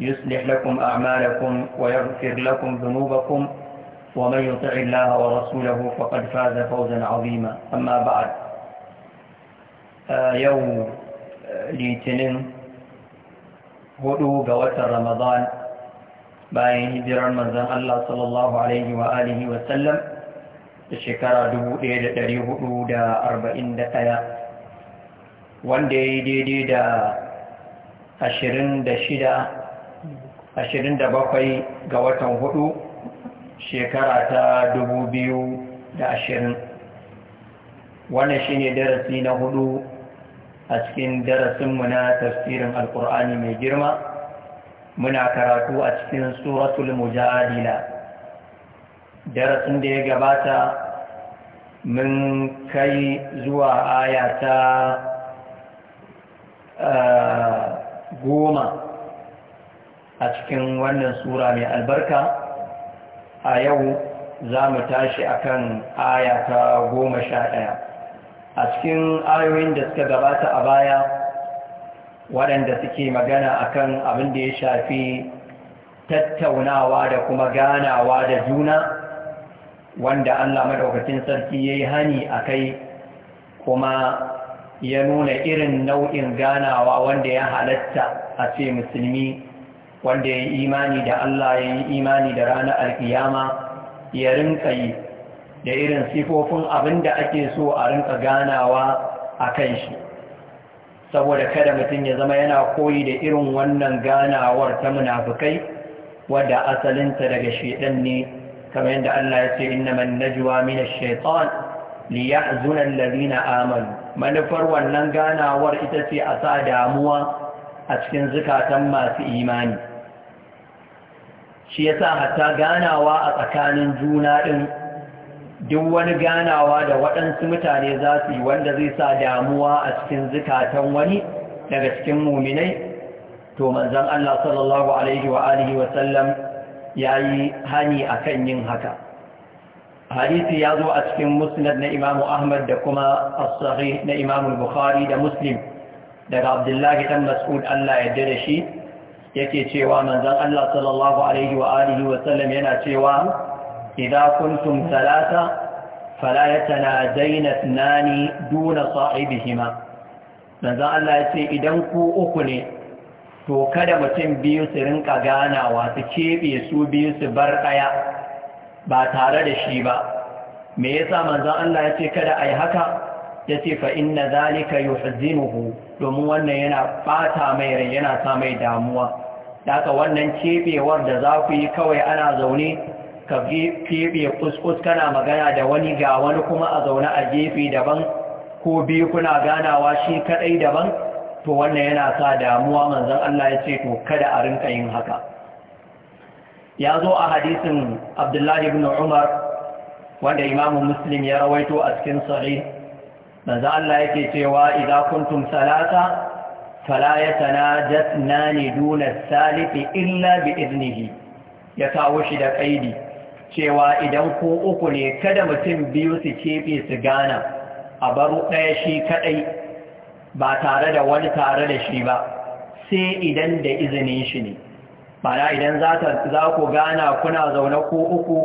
يصلح لكم أعمالكم ويغفر لكم ذنوبكم ومن يطع الله ورسوله فقد فاز فوزا عظيما أما بعد يوم litinin hudu ga watan ramadan bayan hijirar manzan Allah sallallahu Alaihi wa alihi wasallam da shekara 1441 wanda ya yi daidai da shida. Ashirin da bakwai ga watan hudu shekara ta ashirin. wannan shine darasi na hudu a cikin darasinmu na tafsirin alkur'ani mai girma muna karatu a cikin suratul mujadila darasin da ya gabata mun kai zuwa aya ta eh, goma a cikin wannan sura mai albarka a yau za mu tashi akan aya ta goma sha ɗaya a cikin ayoyin da suka gabata a baya waɗanda suke magana akan abin da ya shafi tattaunawa da kuma ganawa da juna wanda allah maɗaukacin sarki ya yi hani a kai kuma ya nuna irin nau'in ganawa wanda ya halatta a ce musulmi wanda ya yi imani da Allah ya yi imani da ranar alkiyama ya rinka yi da irin sifofin abin da ake so a rinka ganawa a kan shi saboda kada mutum ya zama yana koyi da irin wannan ganawar ta munafukai wadda asalinta daga shaidan ne kamar yadda Allah ya ce innaman najwa min ash-shaytan liyahzuna alladhina amanu manufar wannan ganawar ita ce a sa damuwa a cikin zukatan masu imani shi yasa hatta ganawa a tsakanin juna ɗin, duk wani ganawa da waɗansu mutane za su yi wanda zai sa damuwa a cikin zukatan wani daga cikin muminai to manzon Allah sallallahu alaihi wa'alihi wa sallam yayi hani kan yin haka hadisi ya zo a cikin musnad na imamu ahmad da kuma as na imamu bukhari da muslim daga abdullahi dan mas'ud Allah ya da shi yake cewa manzan Allah sallallahu alaihi wa alihi wa yana cewa idza kuntum salata fala yatanadaina thnani duna sahibihima manzon Allah yace idan ku uku ne to kada mutum biyu su rinka ganawa su kebe su biyu su bar daya ba tare da shi ba me yasa manzon Allah yace kada ai haka yace fa inna zalika yuhzinuhu domin wannan yana bata mai rai yana sa mai damuwa daka wannan cebewar da za ku yi kawai ana zaune ka kebe kuskus kana magana da wani ga wani kuma a zaune a gefe daban ko biyu kuna ganawa shi kadai daban to wannan yana sa damuwa manzan Allah ya ce to kada a rinka yin haka ya zo a hadisin Abdullahi ibn Umar wanda Imamun Muslim ya rawaito a cikin sahih manzan Allah yake cewa 'Iza kuntum salata fala ya tanajat nani duna salifi illa bi iznihi ya kawo shi da kaidi cewa idan ko uku ne kada mutum biyu su keɓe su gana a baro ɗaya shi kaɗai ba tare da wani tare da shi ba sai idan da izinin shi ne mana idan za ku gana kuna zaune ko uku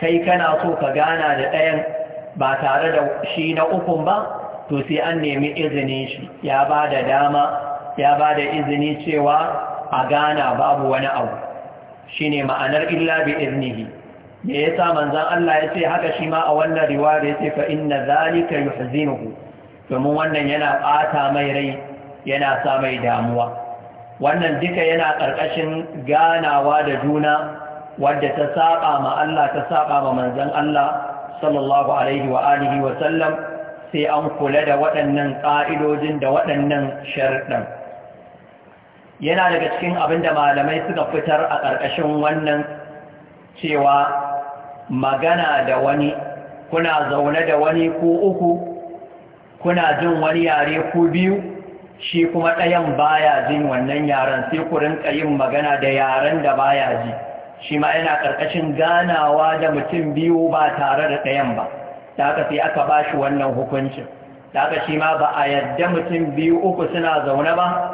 kai kana so ka gana da ɗayan ba tare da shi na ukun ba to sai an nemi izinin shi ya ba da dama ya ba da izini cewa a gana babu wani abu shi ne ma'anar illa bi iznihi me ya sa manzan Allah ya ce haka shi ma a wannan riwaya ya ce fa inna zalika yuhzinuhu domin wannan yana ɓata mai rai yana sa mai damuwa wannan duka yana ƙarƙashin ganawa da juna wadda ta saba ma Allah ta saba ma manzan Allah sallallahu alaihi wa alihi wa sallam sai an kula da waɗannan ƙa'idojin da waɗannan sharɗan yana daga cikin abin da malamai suka fitar a ƙarƙashin wannan cewa magana da wani kuna zaune da wani ko uku kuna jin wani yare ko biyu shi kuma ɗayan baya jin wannan yaren sai ku rinka yin magana da yaren da baya ji shi ma yana ƙarƙashin ganawa da mutum biyu ba tare da ɗayan ba da aka sai aka ba shi wannan hukuncin da aka shi ma ba a yadda mutum biyu uku suna zaune ba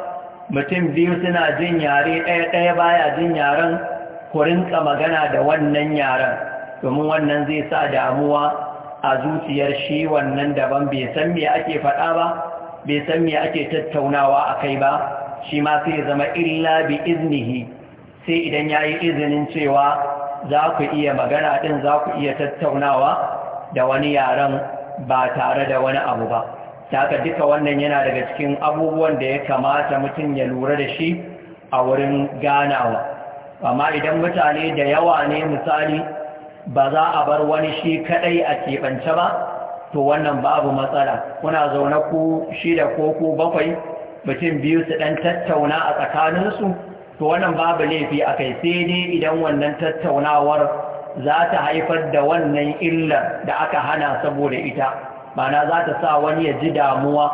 mutum biyu suna jin yare ɗaya ɗaya baya jin yaren ku rinka magana da wannan yaren domin wannan zai sa damuwa a zuciyar shi wannan daban bai san me ake faɗa ba bai san me ake tattaunawa a kai ba shi ma sai zama illa bi iznihi sai idan ya yi izinin cewa za ku iya magana ɗin za ku iya tattaunawa da wani yaren ba tare da wani abu ba ta duka wannan yana daga cikin abubuwan da ya kamata mutum ya lura da shi a wurin ganawa amma idan mutane da yawa ne misali ba za a bar wani shi kadai a keɓance ba to wannan babu matsala kuna zaune ku shida ko ku bakwai mutum biyu su ɗan tattauna a tsakaninsu to wannan babu laifi a kai sai dai idan wannan tattaunawar za ta haifar da wannan illar da aka hana saboda ita Ma'ana za ta sa wani ya ji damuwa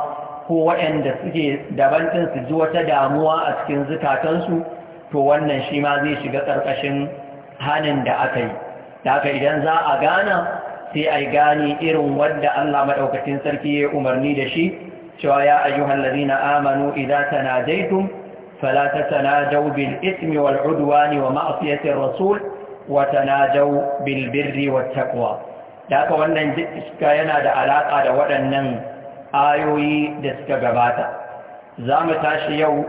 ko waɗanda suke daban ɗin su ji wata damuwa a cikin zukatansu to wannan shi ma zai shiga ƙarƙashin hannun da aka yi da haka idan za a gana sai a gane irin wadda Allah maɗaukacin sarki ya umarni da shi cewa ya ayyuhan na amanu idan tanajaitum falata tatanajaw bil ismi wal udwani wa ma'siyati rasul wa tana bil birri wat da aka wannan iska yana da alaƙa da waɗannan ayoyi da suka gabata za mu tashi yau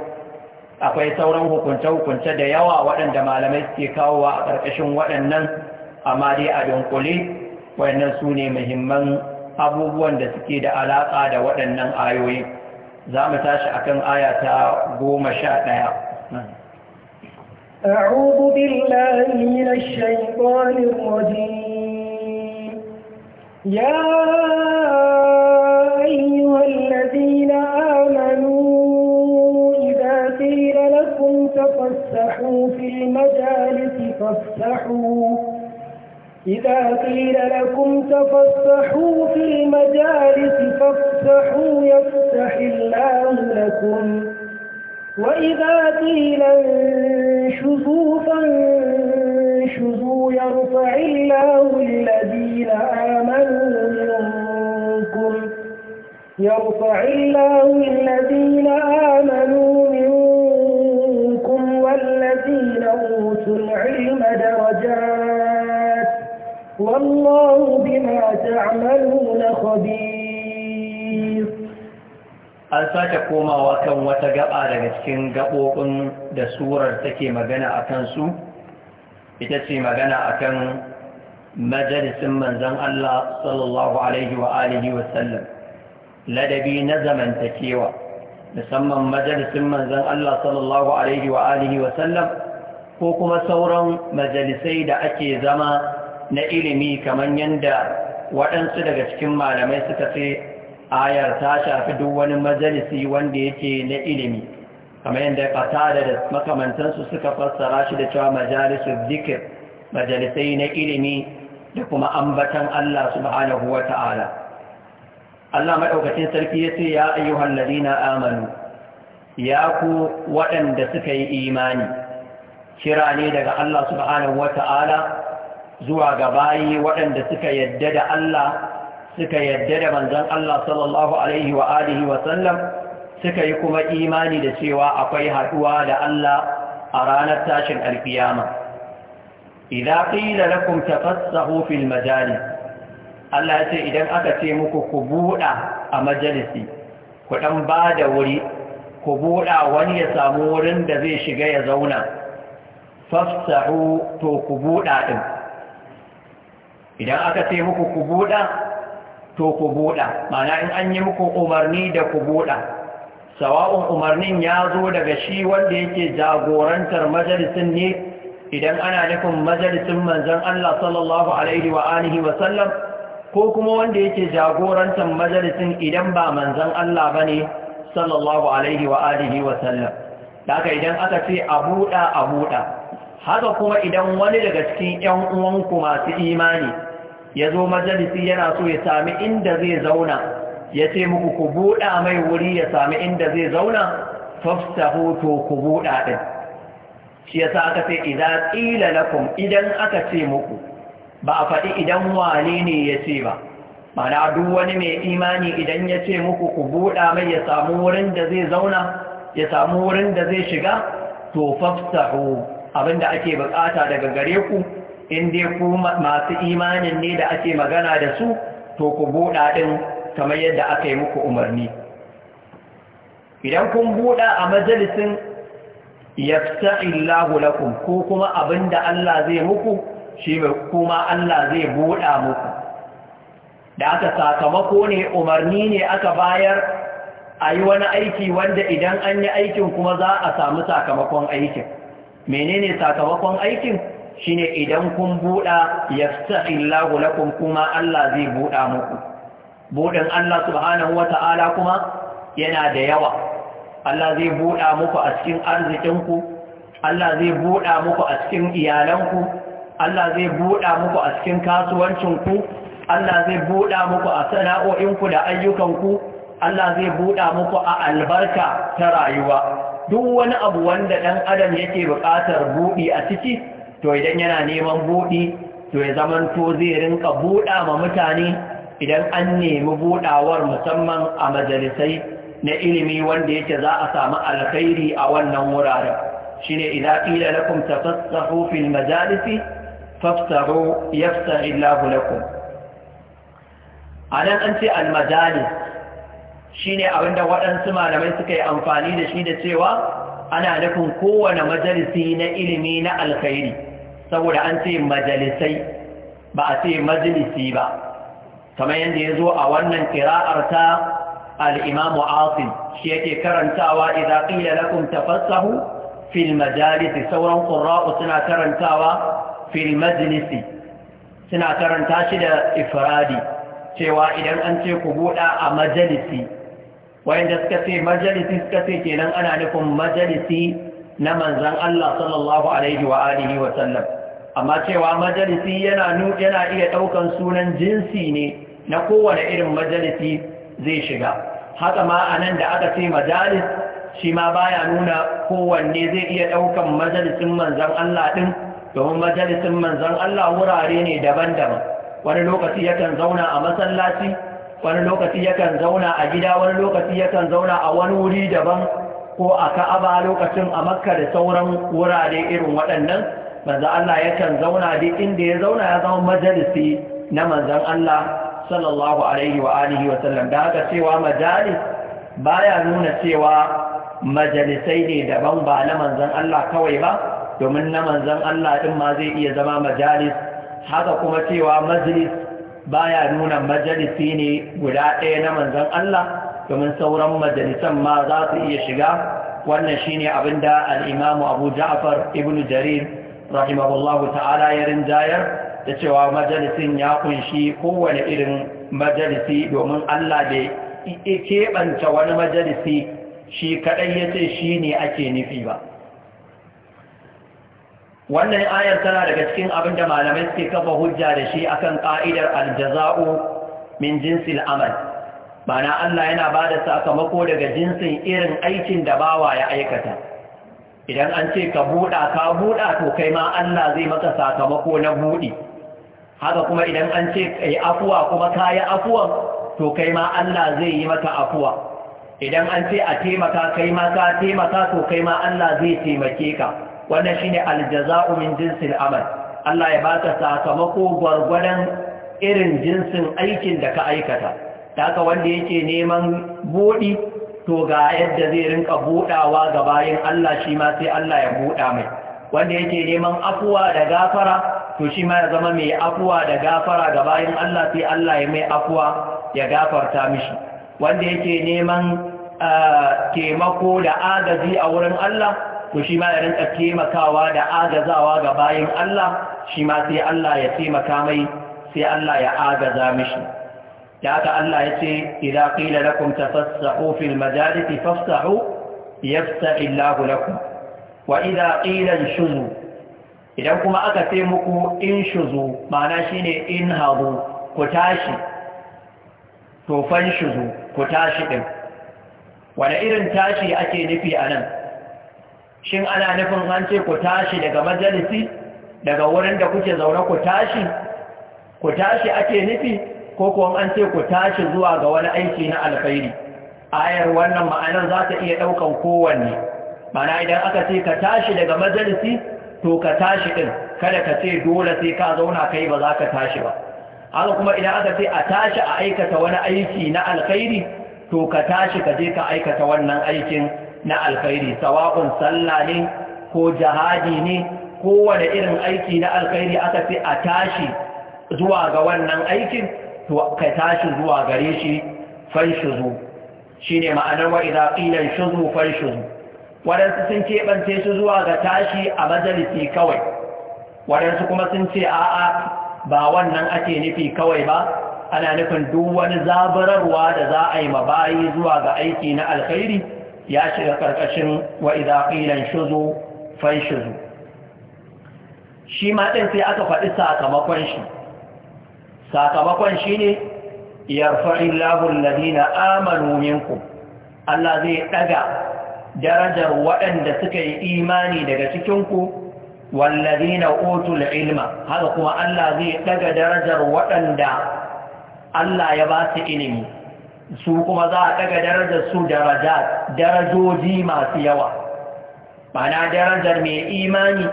akwai sauran hukunce-hukunce da yawa waɗanda malamai suke kawowa a ƙarƙashin waɗannan amma dai a dunkule waɗannan su ne muhimman abubuwan da suke da alaƙa da waɗannan ayoyi za mu tashi kan aya ta goma sha ɗaya أعوذ بالله من الشيطان الرجيم يا أيها الذين آمنوا إذا قيل لكم تفسحوا في المجالس فافسحوا إذا قيل لكم تفسحوا في المجالس فافسحوا يفسح الله لكم وإذا قيل انشزوا فانشزوا يرفع الله الذين آمنوا منكم يرفع الله الذين آمنوا منكم والذين أوتوا العلم درجات والله بما تعملون خبير an sake komawa kan wata gaba daga cikin gaɓoɓin da surar take magana a kansu ita ce magana a kan majalisin manzan Allah sallallahu Alaihi wasallam ladabi na zamantakewa musamman majalisin manzan Allah sallallahu Alaihi wasallam ko kuma sauran majalisai da ake zama na ilimi kamar yadda waɗansu daga cikin malamai suka ce ayar ta shafi duk wani majalisi wanda yake na ilimi kamar yadda fata da makamantansu suka fassara shi da cewa majalisun zikir majalisai na ilimi da kuma ambatan Allah subhanahu wa ta'ala Allah maɗaukacin sarki ya ce ya ayyuhan ladina amanu ya ku waɗanda suka yi imani kira ne daga Allah subhanahu wa ta'ala zuwa ga bayi waɗanda suka yadda da Allah suka yadda da manzon Allah sallallahu alaihi wa alihi suka yi kuma imani da cewa akwai haɗuwa da Allah a ranar tashin alkiyama idza qila lakum tafassahu fil majalis Allah ya ce idan aka ce muku ku buɗa a majalisi ku ba da wuri ku buɗa wani ya samu wurin da zai shiga ya zauna fafsahu to ku buɗa ɗin. idan aka ce muku ku buɗa. to ku buɗa mana in an yi muku umarni da ku buɗa sawa'un umarnin ya zo daga shi wanda yake jagorantar majalisin ne idan ana nufin majalisin manzon Allah sallallahu alaihi wa alihi wa sallam ko kuma wanda yake jagorantar majalisin idan ba manzon Allah bane sallallahu alaihi wa alihi wa sallam daga idan aka ce a buɗa a buɗa haka kuma idan wani daga cikin 'yan uwanku masu imani ya zo majalisi yana so ya sami inda zai zauna ya ce muku ku buɗa mai wuri ya sami inda zai zauna fafsahu to ku buɗa ɗin shi ya sa aka ce idan ƙila lakum idan aka ce muku ba a faɗi idan wane ne ya ce ba mana duk wani mai imani idan ya ce muku ku buɗa mai ya samu wurin da zai zauna ya samu wurin da zai shiga to fafsahu da ake bukata daga gare ku in dai ku masu imanin ne da ake magana da su to ku buɗa ɗin kamar yadda aka yi muku umarni idan kun buɗa a majalisin fita illahu lakum ko kuma abin da Allah zai muku shi kuma Allah zai buɗa muku da aka sakamako ne umarni ne aka bayar a yi wani aiki wanda idan an yi aikin kuma za a samu sakamakon aikin menene sakamakon aikin shine idan kun buɗa yaftahillahu lakum kuma Allah zai buɗa muku buɗin Allah subhanahu wata'ala kuma yana da yawa Allah zai buɗa muku a cikin arzikinku Allah zai buɗa muku a cikin iyalanku Allah zai buɗa muku a cikin kasuwancinku Allah zai buɗa muku a sana'o'inku da ayyukanku Allah zai buɗa muku a albarka ta rayuwa duk wani abu wanda ɗan adam yake buƙatar buɗi a ciki to idan yana neman buɗi to ya zamanto zai rinka buɗa ma mutane idan an nemi buɗawar musamman a majalisai na ilimi wanda yake za a samu alkhairi a wannan wuraren shine idza qila lakum tafassahu fil majalisi fafsahu yafsah Allahu lakum nan an ce al majalis shine abinda waɗansu malamai suka yi amfani da shi da cewa ana nufin kowane majalisi na ilimi na alkhairi saboda an ce majalisai ba a ce majalisi ba kamar yadda ya zo a wannan kira'ar ta al'imamu Asin shi yake karantawa idza qila lakum tafassahu fil majalisi sauran ƙura'u suna karantawa fil suna karanta shi da ifradi cewa idan an ce ku buɗa a majalisi wayanda suka ce majalisi suka ce kenan ana nufin majalisi na manzan Allah sallallahu alaihi wa wa sallam amma cewa majalisi yana yana iya ɗaukan sunan jinsi ne na kowane irin majalisi zai shiga haka ma a nan da aka ce majalis shi ma baya nuna kowanne zai iya ɗaukan majalisin manzan Allah ɗin domin majalisin manzan Allah wurare ne daban-daban wani lokaci yakan zauna a masallaci wani lokaci yakan zauna a gida wani lokaci yakan zauna a wani wuri daban ko a ka'aba lokacin a makka da sauran wurare irin waɗannan manzan Allah yakan zauna duk inda ya zauna ya zama majalisi na manzan Allah sallallahu alaihi wa alihi wa sallam da haka cewa majalis baya nuna cewa majalisai ne daban ba na manzan Allah kawai ba domin na manzan Allah din ma zai iya zama majalis haka kuma cewa majalis baya nuna majalisi ne guda ɗaya na manzan Allah domin sauran majalisan ma za su iya shiga wannan shine abinda al-Imam Abu Ja'far ibn Jarir rahimahullahu ta'ala ya rinjayar da cewa majalisin ya kunshi kowane irin majalisi domin Allah bai keɓanta wani majalisi shi kaɗai ya ce shi ne ake nufi ba wannan ayar tana daga cikin abin da malamai suke kafa hujja da shi akan ƙa'idar aljaza'u min jinsil amal mana Allah yana ba da sakamako daga jinsin irin aikin da bawa ya aikata idan an ce ka buɗa ka buɗa to kai ma Allah zai maka sakamako na buɗi haka kuma idan an ce kai afuwa kuma ka yi afuwa, to kai ma Allah zai yi maka afuwa idan an ce a taimaka kai ma ka taimaka to kai ma Allah zai taimake ka wannan shine aljaza'u min jinsil amal Allah ya baka sakamako gwargwadon irin jinsin aikin da ka aikata ta ka wanda yake neman buɗi to ga yadda zai rinka buɗawa ga bayan Allah shi ma sai Allah ya buɗa mai wanda yake neman afuwa da gafara to shi ma ya zama mai afuwa da gafara ga bayan Allah sai Allah ya mai afuwa ya gafarta mishi wanda yake neman taimako da agazi a wurin Allah to shi ma ya rinka taimakawa da agazawa ga bayan Allah shi ma sai Allah ya taimaka mai sai Allah ya agaza mishi da ta Allah ya ce idan qila lakum tafassahu fil majalisi fafsahu yafsahu Allahu lakum wa idan qila shuzu idan kuma aka ce muku in shuzu ma'ana shine in inhadu ku tashi to shuzu ku tashi din wani irin tashi ake nufi anan? shin ana nufin an ce ku tashi daga majalisi daga wurin da kuke zaune ku tashi ku tashi ake nufi ko kuma an ce ku tashi zuwa ga wani aiki na alkhairi ayar wannan ma'anar za ta iya ɗaukan kowanne mana idan aka ce ka tashi daga majalisi to ka tashi ɗin kada ka ce dole sai ka zauna kai ba za ka tashi ba haka kuma idan aka ce a tashi a aikata wani aiki na alkhairi to ka tashi ka je ka aikata wannan aikin na alkhairi sawa'un sallah ne ko jihadi ne kowane irin aiki na alkhairi aka ce a tashi zuwa ga wannan aikin ka tashi zuwa gare shi "fan shi ne ma'anar wa idan ƙilan shuzu fanshuzu waɗansu sun keɓance shi zuwa ga tashi a majalisi kawai waɗansu kuma sun ce a'a ba wannan ake nufi kawai ba ana nufin duk wani zabararwa da za a yi ma bayi zuwa ga aiki na alkhairi ya shiga ƙarƙashin wa idan ƙilan shuzu fanshuzu shi ma ɗin sai aka faɗi sakamakon shi sakamakon shine yarfa'illahu alladhina amanu minkum Allah zai ɗaga darajar waɗanda suka yi imani daga cikinku wallazina utul ilma haka kuma Allah zai ɗaga darajar waɗanda Allah ya ba su ilimi su kuma za a ɗaga darajar su darajoji masu yawa bana darajar mai imani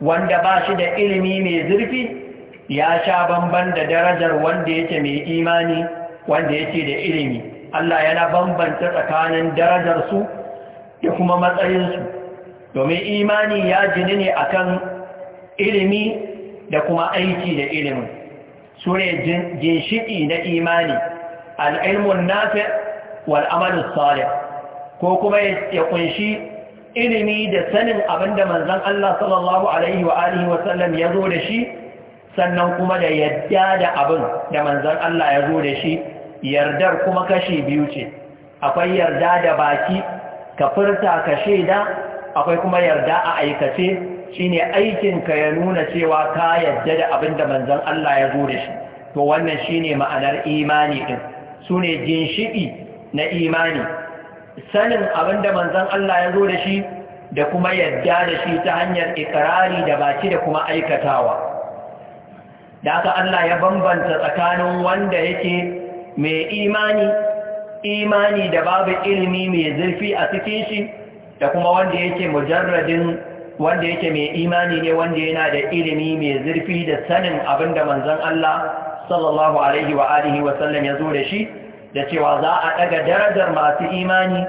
wanda ba shi da ilimi mai zurfi ya sha bamban da darajar wanda yake mai imani wanda yake da ilimi Allah yana bambanta tsakanin darajarsu da kuma matsayinsu domin imani ya jini ne akan ilimi da kuma aiki da ilimin su ne ginshiki na imani al'ilmun nafi wal'amalin salih ko kuma ya kunshi ilimi da sanin abinda manzan Allah sallallahu Alaihi wa'alihi wasallam ya zo da shi sannan kuma da yadda da abin da manzan Allah ya zo da shi yardar kuma kashi biyu ce akwai yarda da baki ka furta ka shaida akwai kuma yarda a aikace shine aikin ka ya nuna cewa ka yadda da abin da manzan Allah ya zo da shi to wannan shine ma'anar imani din sune ginshiki na imani sanin abin da manzan Allah ya zo da shi da kuma yadda da shi ta hanyar ikirari da baki da kuma aikatawa da aka Allah ya bambanta tsakanin wanda yake mai imani imani da babu ilimi mai zurfi a cikin shi da kuma wanda yake mujarradin wanda yake mai imani ne wanda yana da ilimi mai zurfi da sanin abin da manzon Allah sallallahu alaihi wa alihi wa sallam ya zo da shi da cewa za a daga darajar masu imani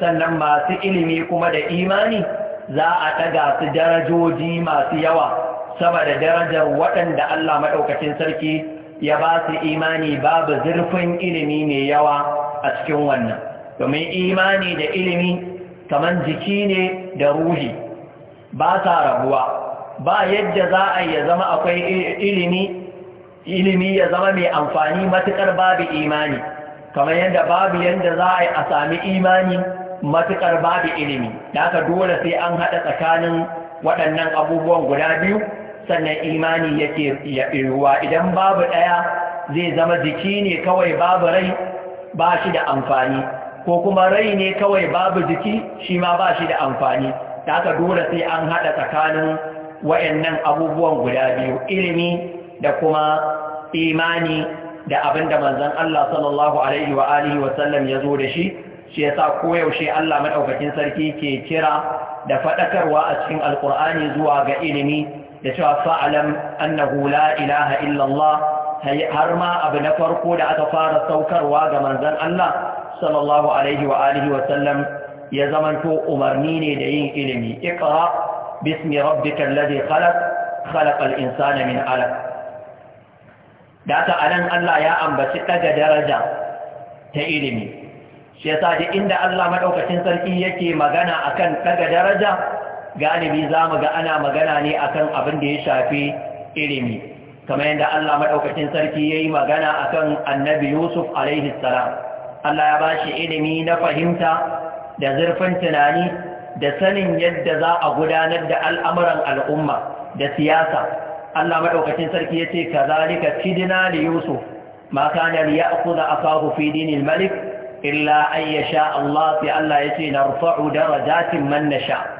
sannan masu ilimi kuma da imani za a ɗaga su darajoji masu yawa da darajar waɗanda Allah maɗaukacin sarki ya ba su imani babu zurfin ilimi mai yawa a cikin wannan domin imani da ilimi kamar jiki ne da ruhi ba sa rabuwa ba yadda za a ya zama akwai ilimi ilimi ya zama mai amfani matuƙar babu imani kamar yadda babu yadda za a yi a sami imani matuƙar babu ilimi da aka dole sai an haɗa tsakanin waɗannan abubuwan guda biyu sannan imani yake ruwa. idan babu ɗaya zai zama jiki ne kawai babu rai ba shi da amfani ko kuma rai ne kawai babu jiki shi ma ba shi da amfani ta haka dole sai an haɗa tsakanin wayannan abubuwan guda biyu ilimi da kuma imani da abin da manzon Allah sallallahu alaihi wa alihi sallam ya zo da shi shi yasa koyaushe Allah madaukakin sarki ke kira da faɗakarwa a cikin alkur'ani zuwa ga ilimi da cewa Alam annahu la ilaha illallah har ma abu na farko da aka fara saukarwa ga manzon Allah sallallahu alaihi wa alihi wa sallam ya zamanto umarni ne da yin ilimi iqra bismi rabbikal ladhi khalaq khalaqal insana min alaq data anan Allah ya ambaci daga daraja ta ilimi shi yasa da inda Allah madaukakin sarki yake magana akan daga daraja galibi za mu ga ana magana ne akan abin da ya shafi ilimi kamar yadda Allah maɗaukacin sarki ya yi magana akan annabi Yusuf alaihi salam Allah ya ba shi ilimi na fahimta da zurfin tunani da sanin yadda za a gudanar da al'amuran al'umma da siyasa Allah maɗaukacin sarki ya ce ka zalika kidina da Yusuf Makanar ya liya kuza akahu fi malik illa an Allah sai Allah ya ce na rufa'u da darajatin man sha.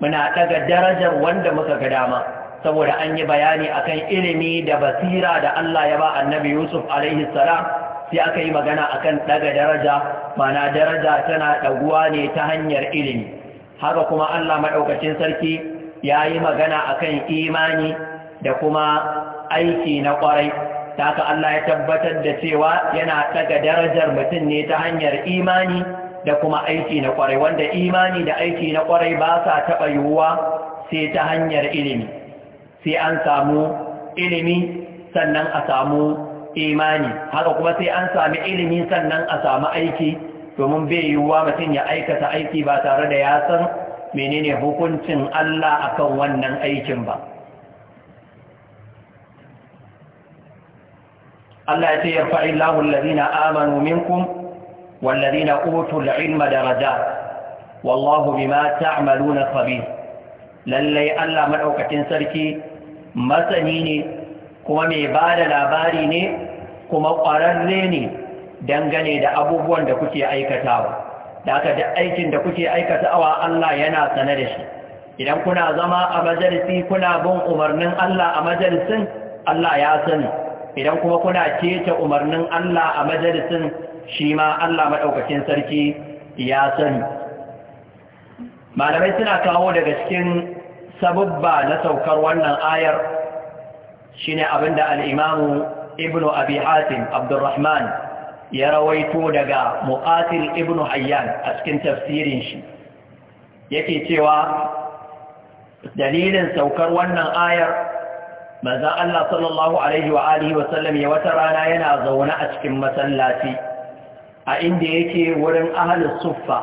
muna daga darajar wanda muka ga dama saboda an yi bayani akan ilimi da basira da Allah ya ba annabi Yusuf alaihi salam sai aka yi magana akan daga daraja mana daraja tana daguwa ne ta hanyar ilimi haka kuma Allah madaukakin sarki ya yi magana akan imani da kuma aiki na kwarai ta haka Allah ya tabbatar da cewa yana daga darajar mutum ne ta hanyar imani da kuma aiki na kwarai wanda imani da aiki na kwarai ba sa taɓa yiwuwa sai ta hanyar ilimi sai an samu ilimi sannan a samu imani haka kuma sai an sami ilimi sannan a samu aiki domin bai yiwuwa mutum ya aikata aiki ba tare da ya san menene hukuncin Allah akan wannan aikin ba Allah ya ce yarfa'illahu allazina amanu minkum والذين أوتوا العلم درجات والله بما تعملون خبير ne, kuma مدعوكة سركي مسنيني كما ميبال لاباريني ƙwararre ne dangane da abubuwan da kuke aikatawa da aka da aikin da kuke aikatawa Allah yana sane da shi idan kuna zama a majalisi kuna bin umarnin Allah a majalisin Allah ya sani idan kuma kuna keta umarnin Allah a majalisin shi ma Allah maɗaukacin sarki ya sani malamai suna kawo daga cikin sabubba na saukar wannan ayar shine abinda al'imamu Ibn abi hatim abdurrahman ya rawaito daga mu'atil ibnu hayyan a cikin tafsirin shi yake cewa dalilin saukar wannan ayar manzan Allah sallallahu Alaihi wa alihi ya wata rana yana zaune a cikin masallaci a inda yake wurin ahalus suffa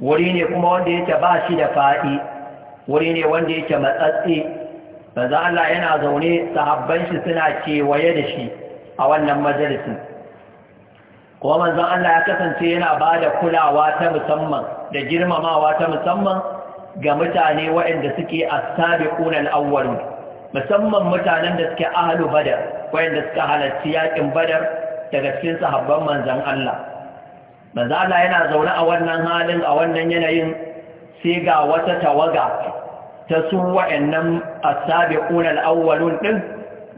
wuri ne kuma wanda yake ba shi da faɗi wuri ne wanda yake matsatsi manzo Allah yana zaune sahabban shi suna kewaye da shi a wannan majalisin kuma manzo Allah ya kasance yana ba da kulawa ta musamman da girmamawa ta musamman ga mutane waɗanda suke as-sabiqun al-awwalun musamman mutanen da suke ahlu badar waɗanda suka halarci yaƙin badar daga cikin sahabban manzan Allah manzan Allah yana zaune a wannan halin a wannan yanayin sai ga wata tawaga ta su wa'annan asabiqun al-awwalun din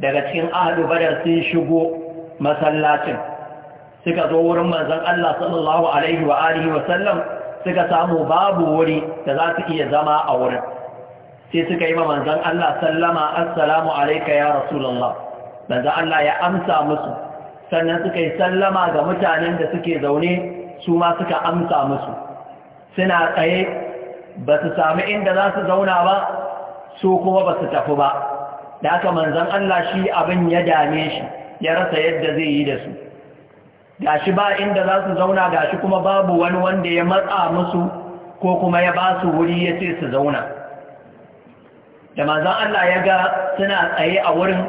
daga cikin ahlu badar sun shigo masallacin suka zo wurin manzan Allah sallallahu alaihi wa alihi wa sallam suka samu babu wuri da za su iya zama a wurin sai suka yi wa manzan Allah sallama assalamu alayka ya rasulullah manzan Allah ya amsa musu sannan suka yi sallama ga mutanen da suke zaune su ma suka amsa musu suna tsaye ba su sami inda za su zauna ba su kuma ba su tafi ba da aka manzan Allah shi abin ya dame shi ya rasa yadda zai yi da su Ga shi ba inda za su zauna shi kuma babu wani wanda ya matsa musu ko kuma ya ba su wuri ya ce su zauna da manzan Allah ya ga suna tsaye a wurin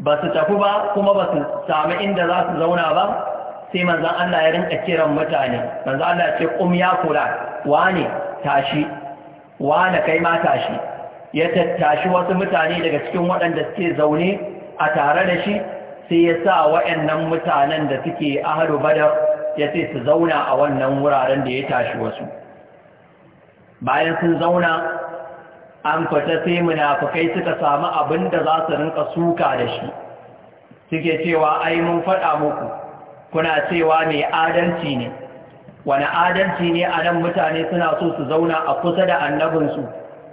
ba su tafi ba kuma ba su sami inda za su zauna ba sai manzan Allah ya rinka kiran mutane manzan Allah ce kum ya kula wane tashi wane kai ma tashi ya tattashi wasu mutane daga cikin waɗanda suke zaune a tare da shi sai ya sa waɗannan mutanen da suke ahalu badar ya ce su zauna a wannan wuraren da ya tashi wasu bayan sun zauna an fita sai munafukai suka samu abin da za su rinka suka da shi suke cewa ai mun faɗa muku kuna cewa mai adalci ne wani adalci ne a nan mutane suna so su zauna a kusa da annabinsu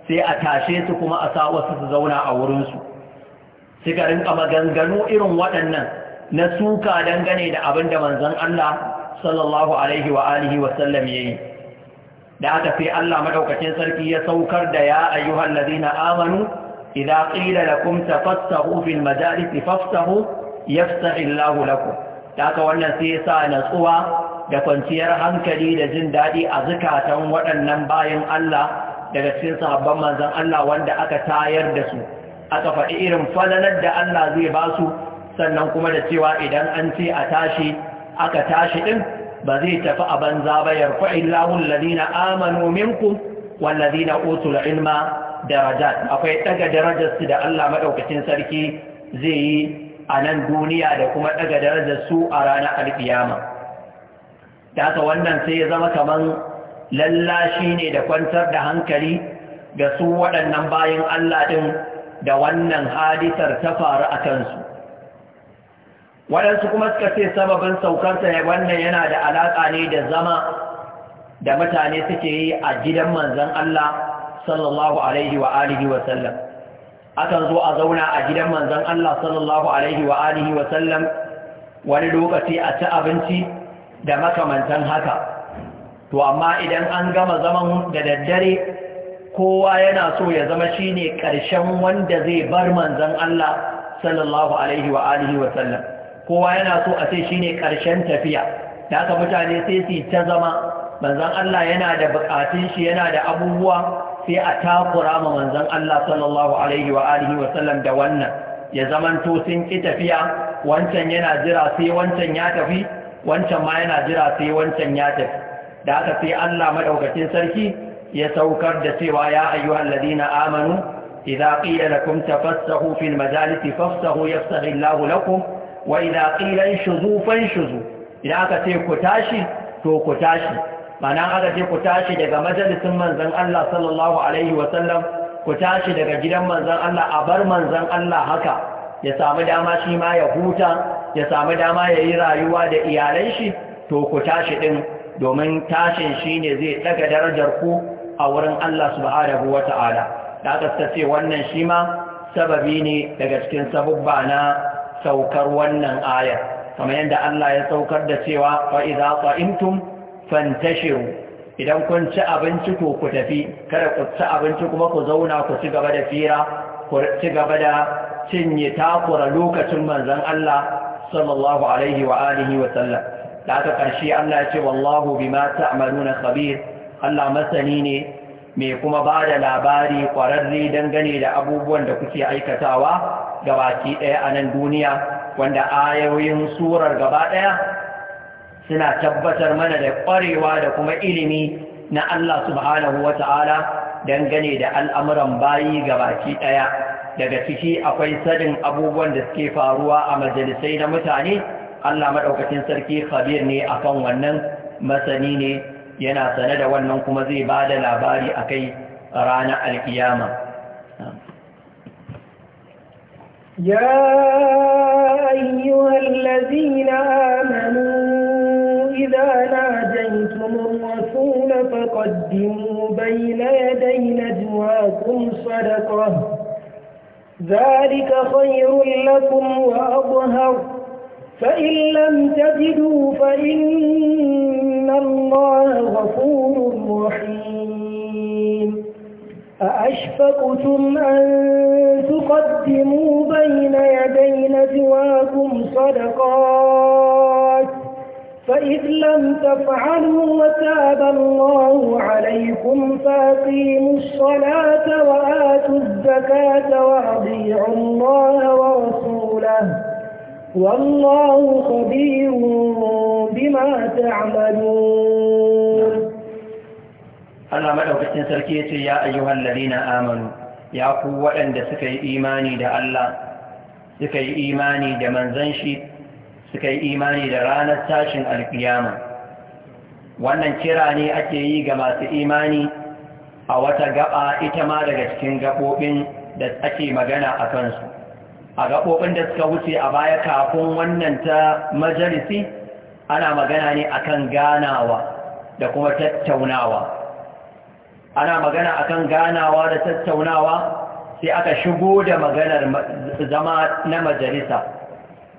sai a tashe su kuma a sa wasu su zauna a wurinsu suka rinka maganganu irin waɗannan na suka dangane da abin da manzon Allah sallallahu alaihi wa alihi wasallam ya yi da aka fi Allah madaukakin sarki ya saukar da ya ayyuhal ladina amanu idza qila lakum tafassahu fil majalis fafsahu yafsah Allahu lakum da wannan sai ya sa natsuwa da kwanciyar hankali da jin dadi a zakatan waɗannan bayan Allah daga cikin sahabban manzon Allah wanda aka tayar da su aka faɗi irin falalar da Allah zai ba su sannan kuma da cewa idan an ce a tashi aka tashi din ba zai tafi a banza ba yarfa illahu ladina amanu minkum walladhina utul ilma daraja akwai daga darajarsu da Allah madaukakin sarki zai yi a nan duniya da kuma daga darajar su a ranar alƙiyama ta wannan sai ya zama kaman lallashi ne da kwantar da hankali ga su waɗannan bayan Allah ɗin da wannan hadisar ta faru a kansu waɗansu kuma suka ce sababin saukarsa wannan yana da alaƙa ne da zama da mutane suke yi a gidan manzan Allah sallallahu alaihi wa alihi akan zo a zauna a gidan manzan Allah sallallahu alaihi wa alihi wani lokaci a ci abinci da makamantan haka to amma idan an gama zaman da daddare kowa yana so ya zama shine ƙarshen wanda zai bar manzan Allah sallallahu alaihi wa alihi kowa yana so a ce shine karshen tafiya da aka mutane sai su ta zama manzon Allah yana da bukatun shi yana da abubuwa sai a takura ma manzon Allah sallallahu alaihi wa alihi wa sallam da wannan ya zamanto sun ki tafiya wancan yana jira sai wancan ya tafi wancan ma yana jira sai wancan ya tafi da aka sai Allah madaukakin sarki ya saukar da cewa ya ayyuhal ladina amanu idza qila lakum tafassahu fil majalisi fafsahu yafsahu Allahu lakum wa idza qila inshuzu fanshuzu idan aka ce ku tashi to ku tashi mana aka ce ku tashi daga majalisin manzon Allah sallallahu alaihi ku tashi daga gidan manzon Allah a bar manzon Allah haka ya samu dama shi ma ya huta ya samu dama ya yi rayuwa da iyalai shi to ku tashi din domin tashin shi ne zai daga darajar ku a wurin Allah subhanahu wa ta'ala da aka ce wannan shi ma sababi ne daga cikin sabubba na saukar wannan ayar kamar yadda Allah ya saukar da cewa fa idza fantashiru idan kun ci abinci ko ku tafi kada ku ci abinci kuma ku zauna ku ci gaba da fira ku ci gaba da cinye takura lokacin manzon Allah sallallahu alaihi wa'alihi wa sallam da aka karshe Allah ya ce wallahu bima ta'maluna khabir Allah masani ne Me kuma ba da labari kwararre dangane da abubuwan da kuke aikatawa gabaki ɗaya a nan duniya wanda ayoyin surar gaba ɗaya suna tabbatar mana da ƙwarewa da kuma ilimi na Allah subhanahu wa ta'ala dangane da al'amuran bayi gabaki ɗaya daga ciki akwai sadin abubuwan da suke faruwa a majalisai na mutane Allah maɗaukacin sarki khabir ne akan wannan masani ne yana sane da wannan kuma zai ba da labari a kai ranar alkiyama ya ayyuhal lazina amanu idza najaytumur rasul faqaddimu bayna yaday najwaakum sadaqah ذلك خير لكم وأظهر فإن لم تجدوا فإن إن الله غفور رحيم أأشفقتم أن تقدموا بين يدي نجواكم صدقات فإذ لم تفعلوا وتاب الله عليكم فأقيموا الصلاة وآتوا الزكاة وأطيعوا الله ورسوله والله خبير بما تعملون Allah madaukakin sarki ya ce ya ayyuhal ladina amanu ya ku waɗanda suka yi imani da Allah suka yi imani da manzon shi suka yi imani da ranar tashin alkiyama wannan kira ne ake yi ga masu imani a wata gaba ita ma daga cikin gabobin da ake magana a kansu a gaɓoɓin da suka wuce a baya kafin wannan ta majalisi ana magana ne akan ganawa da kuma tattaunawa ana magana akan ganawa da tattaunawa sai aka shigo da maganar zama na majalisa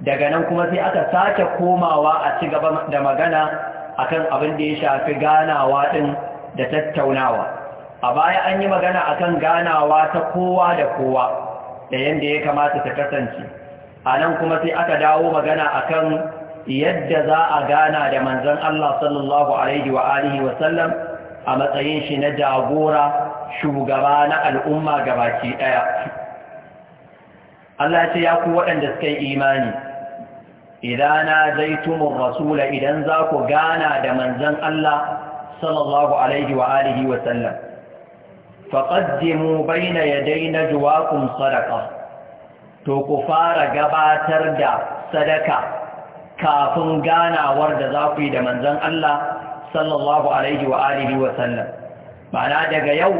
daga nan kuma sai aka sake komawa a ci gaba da magana akan abin da ya shafi ganawa ɗin da tattaunawa a baya an yi magana akan ganawa ta kowa da kowa da yadda ya kamata ta kasance a nan kuma sai aka dawo magana akan yadda za a gana da manzon Allah sallallahu alaihi wa alihi a matsayin shi na jagora shugaba na al'umma gabaki ɗaya. Allah ce ya ku waɗanda suka yi imani idan na zaitumur rasula idan za ku gana da manzon Allah sallallahu alaihi wa alihi faƙaddimu baina ya daina juwakun sadaka to ku fara gabatar da sadaka kafin ganawar da za ku yi da manzan Allah sallallahu alaihi wa alihi wa sallam daga yau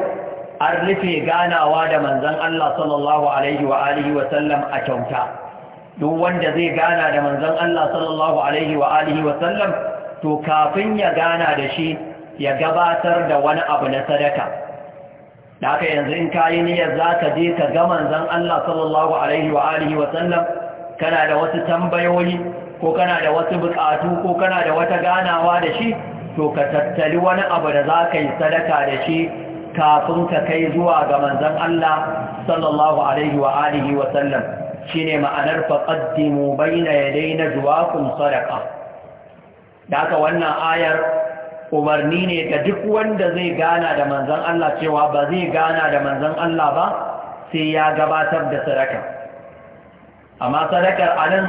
an rufe ganawa da manzan Allah sallallahu alaihi wa alihi wa a kyauta duk wanda zai gana da manzan Allah sallallahu alaihi wa alihi wa to kafin ya gana da shi ya gabatar da wani abu na sadaka da haka yanzu in kayi niyyar za ka je ka ga manzan Allah sallallahu alaihi wa alihi wa sallam kana da wasu tambayoyi ko kana da wasu bukatu ko kana da wata ganawa da shi to ka tattali wani abu da za ka yi sadaka da shi kafin ka kai zuwa ga manzan Allah sallallahu alaihi wa alihi wa sallam shine ma'anar faqaddimu ya daina juwakum sadaka. da haka wannan ayar umarni ne ga duk wanda zai gana da manzan Allah cewa ba zai gana da manzan Allah ba sai ya gabatar da sadaka amma sadakar anan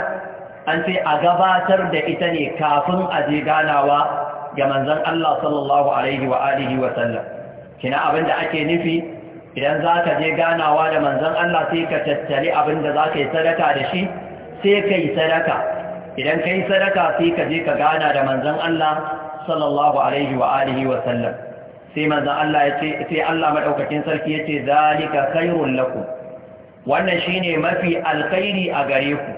an ce a gabatar da ita ne kafin a je ganawa ga manzan Allah sallallahu alaihi wa alihi wa sallam kina abin da ake nufi idan za ka je ganawa da manzan Allah sai ka tattali abin da za ka yi sadaka da shi sai ka yi sadaka idan ka yi sadaka sai ka je ka gana da manzan Allah sallallahu alaihi wa alihi wa sallam sai manzon Allah ya ce sai Allah madaukakin sarki ya ce zalika khairul lakum wannan shine mafi alkhairi a gare ku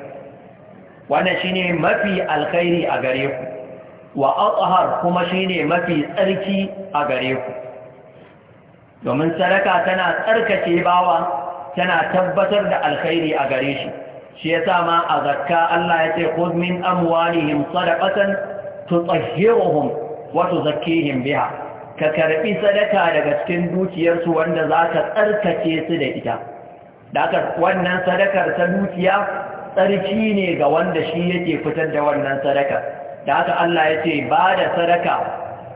wannan shine mafi alkhairi a gare ku wa athhar kuma shine mafi tsarki a gare ku domin sadaka tana tsarkake bawa tana tabbatar da alkhairi a gare shi shi yasa ma a zakka Allah ya ce khudh min amwalihim sadaqatan tutahhiruhum wa tuzakkihim biha ka karbi sadaka daga cikin dukiyarsu wanda za ka tsarkace su da ita aka wannan sadakar ta dukiya tsarki ne ga wanda shi yake fitar da wannan sadaka da haka Allah ya ce ba da sadaka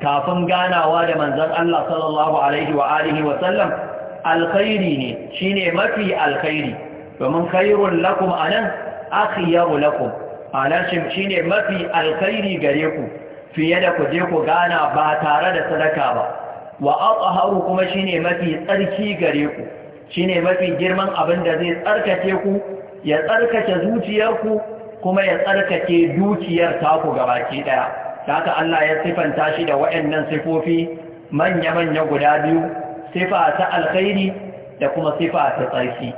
kafin ganawa da manzon Allah sallallahu alaihi wa alihi wa sallam alkhairi ne shine mafi alkhairi domin khairul lakum anan akhiyaru lakum shi ne mafi alkhairi gare ku fiye da ku je ku gana ba tare da sadaka ba wa atharu kuma shi ne mafi tsarki gare ku shi ne mafi girman abin da zai tsarkake ku ya tsarkake zuciyarku kuma ya tsarkake dukiyar taku gabaki daya haka Allah ya sifanta shi da waɗannan sifofi manya-manya guda biyu sifa ta alkhairi da kuma sifa ta tsarki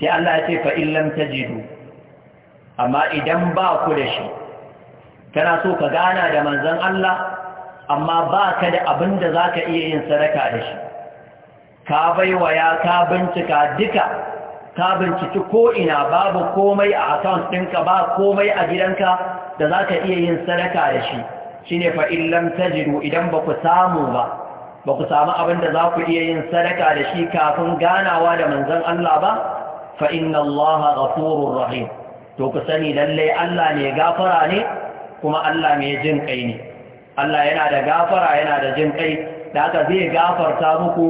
sai Allah ya ce fa illam tajidu amma idan ba ku da shi kana so ka gana da manzon Allah amma ba ka da abin da za ka iya yin sadaka da shi ka baiwaya ka bincika duka ka binciki ko'ina babu komai a account ɗinka ba komai a gidanka da za ka iya yin sadaka da shi shi ne fa'illan tajiru idan ba ku samu ba ba ku samu abin da za ku iya yin sadaka da shi kafin ganawa da manzan Allah ba fa'in Allah ghafurur rahim to ku sani lallai Allah ne gafara ne kuma Allah mai jin kai ne Allah yana da gafara yana da jin kai da haka zai gafarta muku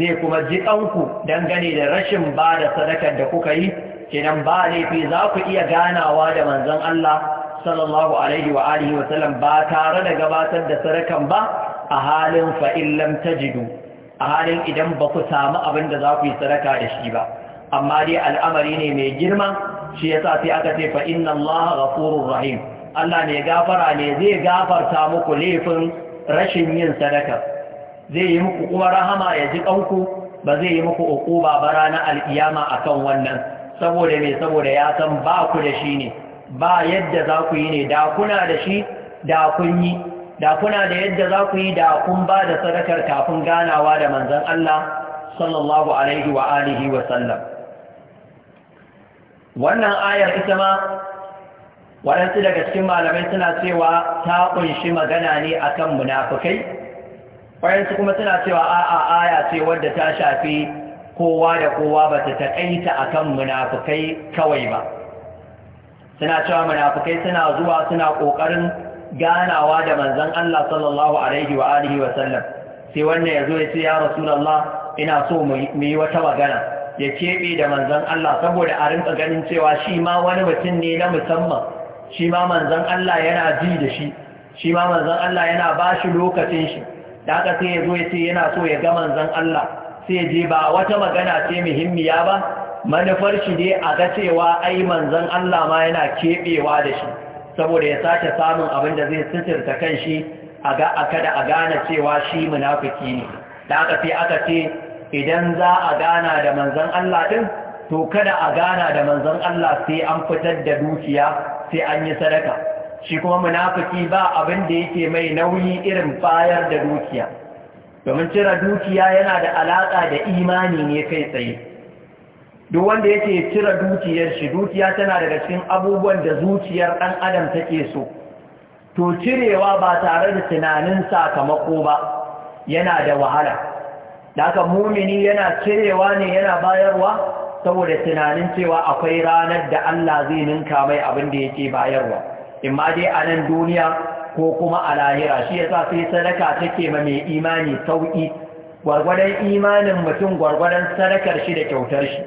zai kuma ji kanku dangane da rashin ba da sadakar da kuka yi kenan ba laifi za ku iya ganawa da manzon Allah sallallahu alaihi wa alihi wa sallam ba tare da gabatar da sadakan ba a halin fa illam tajidu a halin idan ba ku samu abin da za ku yi sadaka da shi ba amma dai al'amari ne mai girma shi yasa sai aka ce fa inna Allah ghafurur rahim Allah ne gafara ne zai gafarta muku laifin rashin yin sadaka zai yi muku kuma rahama ya ji kanku ba zai yi muku uquba ba ranar alkiyama akan wannan saboda me saboda ya san ba ku da shi ne ba yadda za ku yi ne da kuna da shi da kun yi da kuna da yadda za ku yi da kun ba da sadakar kafin ganawa da manzon Allah sallallahu alaihi wa alihi wa sallam wannan ayar ita ma waɗansu daga cikin malamai suna cewa ta ƙunshi magana ne akan munafukai waɗansu kuma suna cewa a'a aya ce wadda ta shafi kowa da kowa ba ta taƙaita akan munafukai kawai ba suna cewa munafukai suna zuwa suna ƙoƙarin ganawa da manzan Allah sallallahu alaihi wa alihi wa sallam sai wannan ya zo ya ce ya Allah, ina so mu yi wata magana ya keɓe da manzan Allah saboda a rinka ganin cewa shi ma wani mutum ne na musamman shi ma manzan Allah yana ji da shi shi ma manzan Allah yana ba shi lokacin shi da haka sai ya zo ya ce yana so ya ga manzan Allah sai je ba wata magana ce muhimmiya ba manufar shi dai a ga cewa ai manzan Allah ma yana keɓewa da shi saboda ya sake samun abin da zai sitirta kan shi a ga aka da a gane cewa shi munafiki ne da haka sai aka ce idan za a gana da manzan Allah ɗin, to kada a gana da manzan Allah sai an fitar da dukiya sai an yi sadaka shi kuma munafiki ba abin da yake mai nauyi irin bayar da dukiya domin cire dukiya yana da alaƙa da imani ne kai tsaye duk wanda yake cire dukiyar shi dukiya tana daga cikin abubuwan da zuciyar ɗan adam take so to cirewa ba tare da tunanin sakamako ba yana da wahala da aka mumini yana cirewa ne yana bayarwa saboda tunanin cewa akwai ranar da Allah zai ninka mai abin da yake bayarwa in ma dai a nan duniya ko kuma a lahira shi yasa sai sadaka take ma mai imani sauki gwargwadon imanin mutum gwargwadon sadakar shi da kyautar shi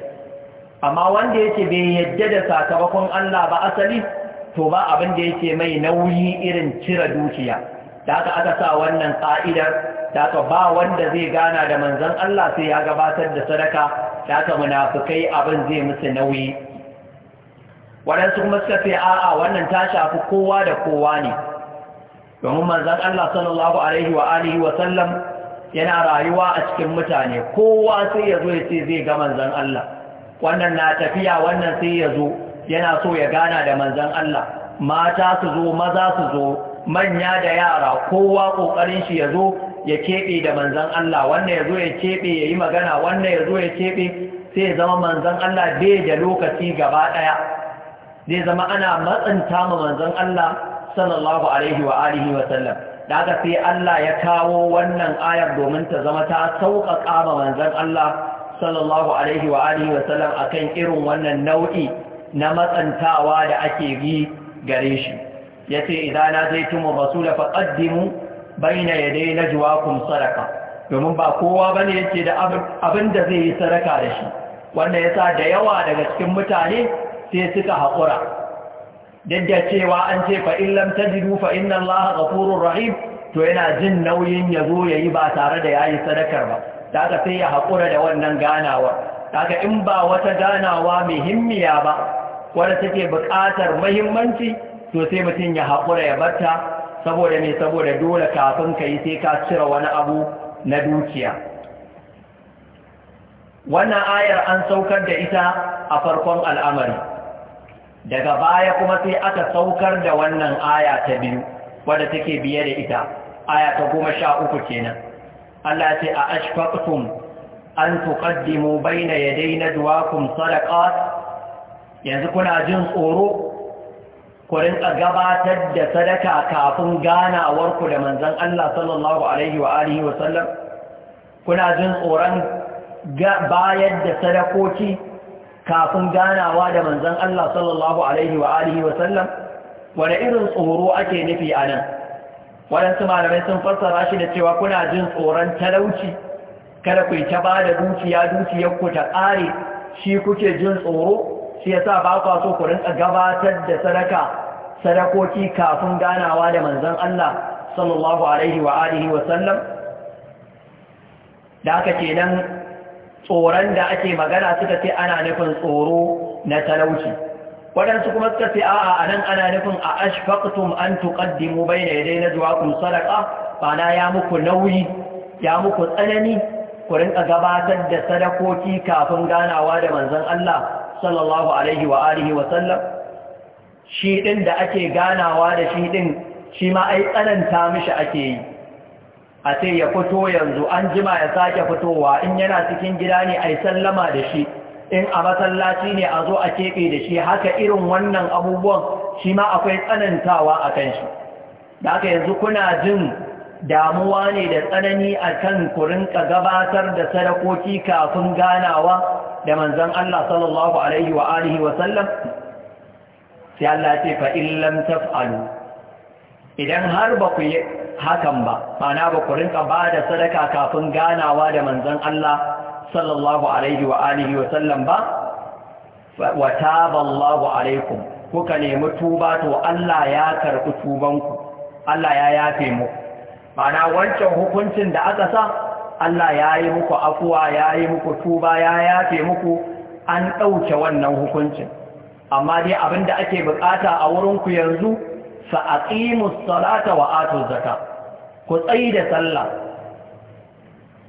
amma wanda yake bai yadda da sakamakon Allah ba asali to ba abin da yake mai nauyi irin cire dukiya da aka aka sa wannan ƙa'idar da aka ba wanda zai gana da manzon Allah sai ya gabatar da sadaka da aka munafukai abin zai musu nauyi waɗansu kuma suka ce a'a wannan ta shafi kowa da kowa ne domin manzon Allah sallallahu alaihi wa alihi wa sallam yana rayuwa a cikin mutane kowa sai ya zo ya ce zai ga manzan Allah wannan na tafiya wannan sai ya zo yana so ya gana da manzon Allah mata su zo maza su zo manya da yara kowa kokarin shi yazo ya keɓe da manzan Allah wannan yazo ya keɓe yayi magana wannan ya ya keɓe sai ya zama manzan Allah bai da lokaci gaba ɗaya zai zama ana matsanta ma manzan Allah sallallahu alaihi wa alihi wa sallam da haka sai Allah ya kawo wannan ayar domin ta zama ta sauƙaƙa ma manzan Allah sallallahu alaihi wa alihi wa sallam akan irin wannan nau'i na matsantawa da ake yi gare shi yace ce idana zai tumo rasula fa baina ya dai na sadaka domin ba kowa bane ne yake da abin da zai yi sadaka da shi wanda yasa da yawa daga cikin mutane sai suka haƙura duk da cewa an ce fa'illan lamta tajidu fa inna allaha ghafurur rahim to yana jin nauyin ya zo ya ba tare da yayi yi sadakar ba da sai ya haƙura da wannan ganawar Daga in ba wata ganawa muhimmiya ba wanda take buƙatar muhimmanci to sai mutum ya haƙura ya barta saboda mai saboda dole kafin ka yi sai ka cire wani abu na dukiya wannan ayar an saukar da ita a farkon al'amari daga baya kuma sai aka saukar da wannan aya ta biyu wadda take biye da ita aya ta goma sha uku kenan Allah ce a ashfaqtum an tuqaddimu bayna yaday duwakum sadaqat yanzu kuna jin tsoro ku rinka gabatar da sadaka kafin ganawarku da manzan Allah sallallahu alaihi wa alihi wa sallam kuna jin tsoron bayar da sadakoki kafin ganawa da manzan Allah sallallahu alaihi wa alihi wa sallam wani irin tsoro ake nufi a nan waɗansu malamai sun fassara shi da cewa kuna jin tsoron talauci kada ku ta ba da dukiya dukiyarku ta ƙare shi kuke jin tsoro shi yasa ba kwa so ku rinka gabatar da sadaka sadakoki kafin ganawa da manzon Allah sallallahu alaihi wa alihi wa sallam da aka ce nan tsoron da ake magana suka ce ana nufin tsoro na talauci waɗansu kuma suka ce a'a a nan ana nufin a ashfaqtum an tuqaddimu bayna yaday najwaakum sadaqa bana ya muku nauyi ya muku tsanani ku rinka gabatar da sadakoki kafin ganawa da manzon Allah sallallahu alaihi wa alihi wa sallam shi din da ake ganawa da shi din shi ma ai tsananta mishi ake yi a ce ya fito yanzu an jima ya sake fitowa in yana cikin gida ne ai sallama da shi in a masallaci ne a zo a keɓe da shi haka irin wannan abubuwan shi ma akwai tsanantawa a kan shi da haka yanzu kuna jin damuwa ne da tsanani akan kan rinka gabatar da sadakoki kafin ganawa da manzan Allah sallallahu alaihi wa alihi wa sai Allah ce fa illam taf'alu idan har ba ku yi hakan ba mana ba ku rinka ba da sadaka kafin ganawa da manzan Allah sallallahu alaihi wa alihi wa ba wa taballahu alaikum kuka nemi tuba to Allah ya karɓi tubanku Allah ya yafe mu mana wancan hukuncin da aka sa Allah ya yi muku afuwa ya yi muku tuba ya yafe muku an ɗauke wannan hukuncin amma dai abin da ake bukata a wurinku yanzu fa'aqimus salata wa atu zakka, ku tsayi da sallah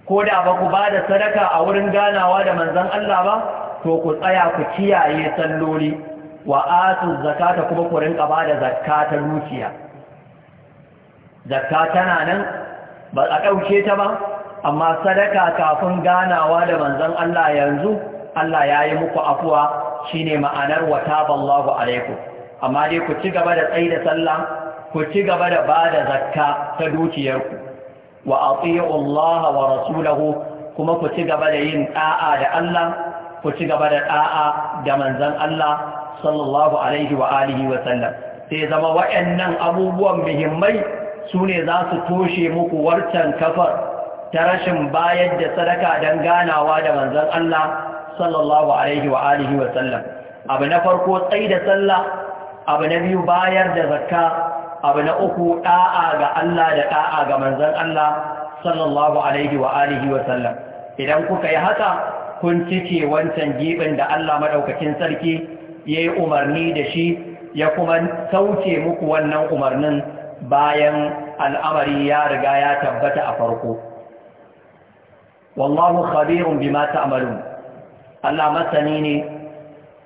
ko da ba ku ba sadaka a wurin ganawa da manzon Allah ba to ku tsaya ku kiyaye salloli wa atu zakata kuma ku rinka bada da zakata dukiya zakka tana nan ba a ɗauke ta ba amma sadaka kafin ganawa da manzon Allah yanzu Allah ya yi muku afuwa shine ma'anar wata. amma dai ku ci gaba da tsaida da sallah ku ci gaba da bada zakka ta dukiyarku wa ati'u Allah wa rasulahu kuma ku ci gaba da yin da'a da Allah ku ci gaba da da'a da manzan Allah sallallahu alaihi wa alihi wa sallam sai zama waɗannan abubuwan muhimmai su ne za su toshe muku warcan kafar ta rashin bayar da sadaka don ganawa da manzon Allah sallallahu alaihi wa alihi wa sallam abu na farko tsai da sallah abu na biyu bayar da zakka abu na uku ɗa'a ga Allah da ɗa'a ga manzon Allah sallallahu alaihi wa alihi wa sallam idan kuka yi haka kun cike wancan giɓin da Allah madaukakin sarki yayi umarni da shi ya kuma sauke muku wannan umarnin bayan al'amari ya riga ya tabbata a farko wallahu khabirun bima ta'malun Allah masani ne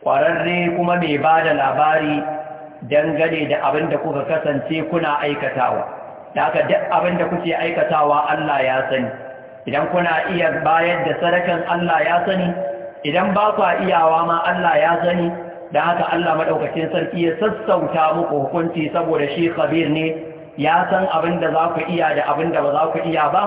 kwararre kuma mai bada labari dangane da abin da kuka kasance kuna aikatawa da haka duk abin da kuke aikatawa Allah ya sani idan kuna iya bayar da sadakan Allah ya sani idan ba ku iyawa ma Allah ya sani da haka Allah madaukakin sarki ya sassauta muku hukunci saboda shi khabir ne ya san abin da za ku iya da abin da ba za ku iya ba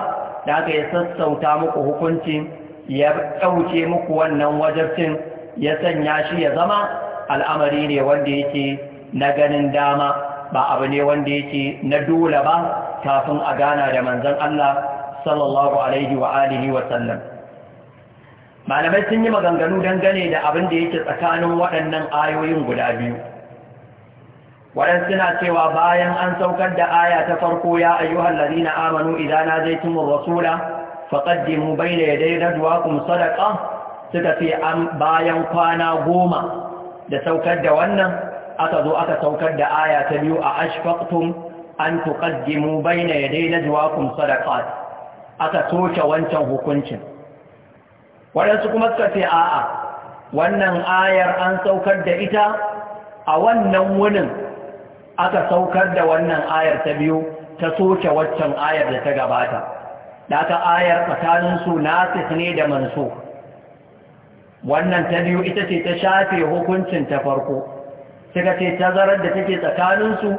da aka ya sassauta muku hukuncin ya ɗauke muku wannan wajarcin ya sanya shi ya zama al'amari ne wanda yake na ganin dama ba abu ne wanda yake na dole ba kafin a gana da manzan Allah sallallahu alaihi wa alihi wa sallam malamai sun yi maganganu dangane da abin da yake tsakanin waɗannan ayoyin guda biyu waɗansu suna cewa bayan an saukar da aya ta farko ya ayyuhal ladina amanu idan nazaitumur rasula ya bayna yaday najwaakum sadaka, suka ce an bayan kwana goma da saukar da wannan aka zo aka saukar da aya ta biyu a ashfaqtum an ya bayna yaday najwaakum sadaka, aka soke wancan hukuncin waɗansu kuma suka ce a'a wannan ayar an saukar da ita a wannan wunin aka saukar da wannan ayar ta biyu ta soke waccan ayar da ta gabata daga ayar tsakaninsu nasis ne da manso wannan ta biyu ita ce ta shafe hukuncin ta farko suka ce tazarar da take tsakaninsu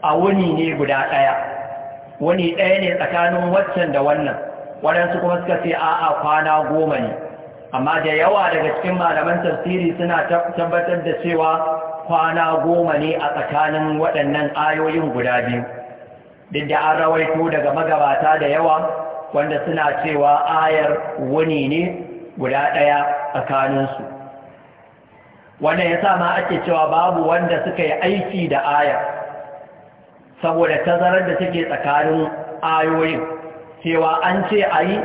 a wuni ne guda ɗaya wuni ɗaya ne tsakanin waccan da wannan waɗansu kuma suka ce a'a kwana goma ne amma da yawa daga cikin malaman tafsiri suna tabbatar da cewa kwana goma ne a tsakanin waɗannan ayoyin guda biyu duk da an rawaito daga magabata da yawa wanda suna cewa ayar wuni ne guda ɗaya tsakaninsu wannan ya sa ma ake cewa babu wanda suka yi aiki da ayar saboda tazarar da suke tsakanin ayoyin cewa an ce a yi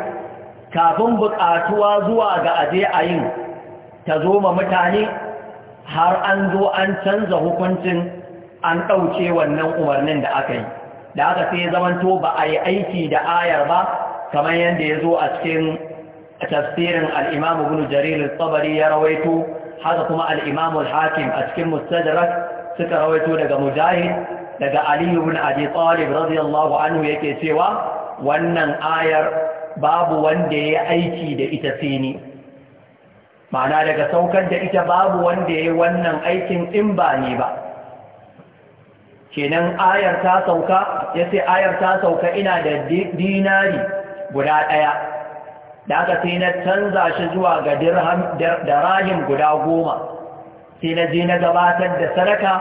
kafin buƙatuwa zuwa ga aje a yin ta zo ma mutane har an zo an canza hukuncin an ɗauce wannan umarnin da aka yi da aka sai zamanto ba a yi aiki da ayar ba kamar yadda ya zo a cikin tafsirin al'imamu bin jarir tsabari ya rawaito haka kuma al'imamu hakim a cikin mustadrak suka rawaito daga mujahid daga aliyu bin abi talib radiyallahu anhu yake cewa wannan ayar babu wanda ya aiki da ita sai ma'ana daga saukar da ita babu wanda ya yi wannan aikin in ba ne ba kenan ayar ta sauka ya ce ayar ta sauka ina da dinari guda ɗaya da aka sai na canza shi zuwa ga dirham guda goma sai na je na gabatar da sadaka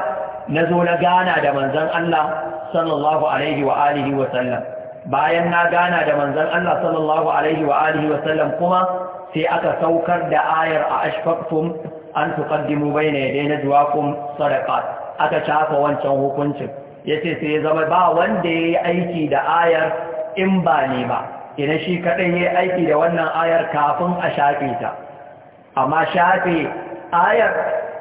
na zo na gana da manzan Allah sallallahu alaihi wa alihi wa bayan na gana da manzan Allah sallallahu alaihi wa alihi wa kuma sai aka saukar da ayar a ashfaqtum an tuqaddimu bayna yaday najwaakum sadaqat aka shafa wancan hukuncin yace sai ya zama ba wanda yayi aiki da ayar in ba ne ba ina shi kadan yayi aiki da wannan ayar kafin a shafe ta amma shafe ayar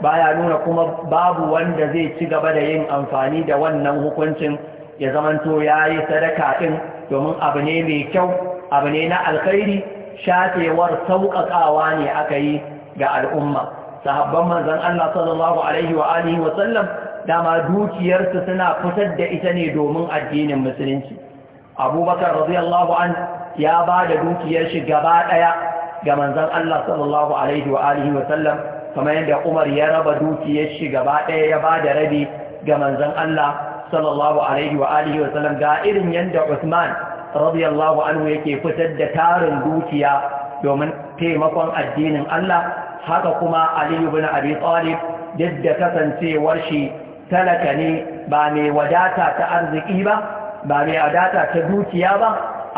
baya nuna kuma babu wanda zai ci gaba da yin amfani da wannan hukuncin ya zamanto yayi sadaka din domin abu ne mai kyau abu ne na alkhairi shafewar sauƙaƙawa ne aka yi ga al'umma sahabban manzan Allah sallallahu alaihi wa alihi wa sallam dama dukiyarsu suna fitar da ita ne domin addinin musulunci abubakar radiyallahu an ya ba da dukiyar shi gaba ɗaya ga manzan Allah sallallahu alaihi wa alihi wa sallam kamar yadda Umar ya raba dukiyar shi gaba ɗaya ya ba da rabi ga manzan Allah sallallahu alaihi wa alihi wa sallam ga irin yadda Uthman radiyallahu anhu yake fitar da tarin dukiya domin taimakon addinin Allah haka kuma Ali ibn Abi Talib duk da kasancewar shi talaka ne ba mai wadata ta arziki ba ba mai wadata ta dukiya ba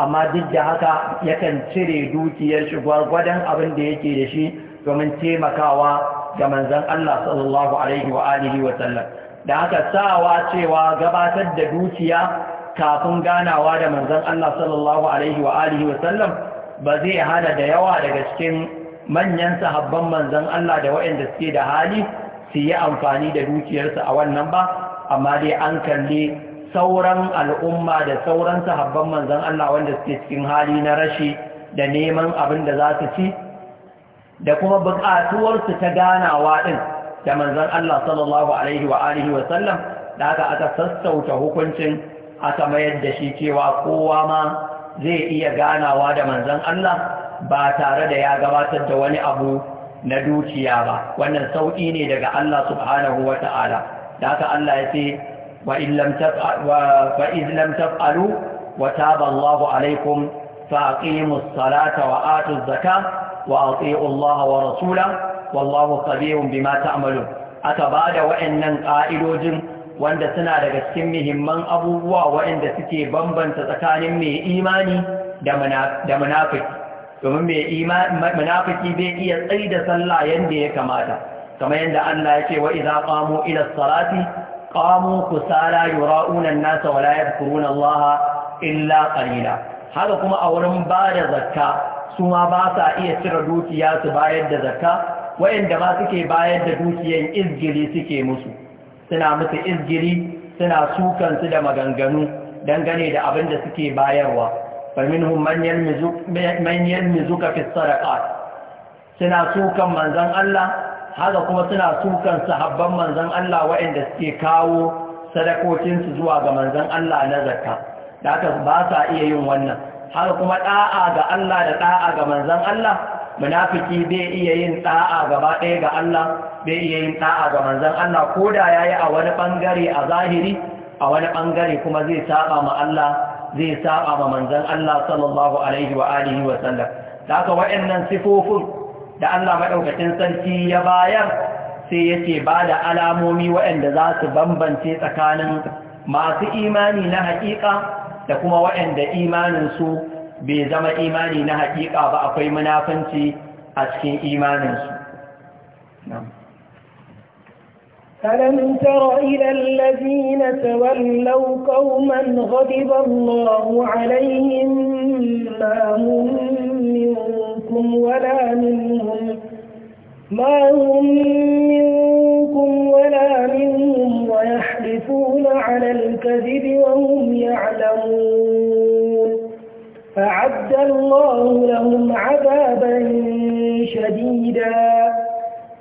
amma duk da haka yakan cire dukiyar shi gwargwadon abin da yake da shi domin taimakawa ga manzon Allah sallallahu alaihi wa alihi wa sallam da haka sawa cewa gabatar da dukiya kafin ganawa da manzon Allah sallallahu alaihi wa alihi wa ba zai hana da yawa daga cikin manyan sahabban manzon Allah da waɗanda suke da hali su yi amfani da dukiyarsu a wannan ba amma dai an kalli sauran al'umma da sauran sahabban manzon Allah wanda suke cikin hali na rashi da neman abin da za su ci da kuma buƙatuwarsu ta ganawa ɗin da manzon Allah sallallahu alaihi wa alihi wa da haka aka sassauta hukuncin aka mayar da shi cewa kowa ma zai iya ganawa da manzon Allah ba tare da ya gabatar da wani abu na dukiya ba wannan sauƙi ne daga Allah subhanahu wa ta'ala da haka Allah ya ce wa in lam taf'alu wa taba Allahu alaikum fa aqimus salata wa atuz zaka wa ati'u Allah wa rasula wallahu khabirun bima ta'malun aka bada wa'annan ƙa'idojin wanda suna daga cikin muhimman abubuwa waɗanda suke bambanta tsakanin mai imani da munafiki domin mai munafiki bai iya tsayi da sallah yadda ya kamata kamar yadda Allah ya ce wa idza qamu ila salati qamu kusala yura'una an-nasa wa la yadhkuruna Allah illa qalila haka kuma a wurin ba da zakka su ma ba sa iya cire dukiya su bayar da zakka wayanda ba suke bayar da dukiyan izgili suke musu suna musu izgiri suna sukansu da maganganu dangane da abin da suke bayarwa faminhum man yalmizuka fi sadaqat suna sukan manzon Allah haka kuma suna sukan sahabban manzan Allah waɗanda suke kawo sadakokinsu zuwa ga manzon Allah na zakka da haka ba sa iya yin wannan haka kuma da'a ga Allah da da'a ga manzon Allah munafiki bai iya yin da'a gaba ɗaya ga Allah bai iya yin da'a ga manzon Allah ko da yayi a wani bangare a zahiri a wani bangare kuma zai saba ma Allah zai saba ma manzon Allah sallallahu alaihi wa alihi wa sallam haka waɗannan sifofin da Allah madaukakin sarki ya bayar sai yace ba da alamomi waɗanda za su bambance tsakanin masu imani na haƙiƙa da kuma imanin su bai zama imani na haƙiƙa ba akwai munafanci a cikin imaninsu. Alam tara ila allazina tawallaw qauman ghadiba Allahu alayhim ma hum minkum wala minhum ma hum minkum wala minhum wa yahlifuna 'ala al-kadhibi wa hum ya'lamun أعد الله لهم عذابا شديدا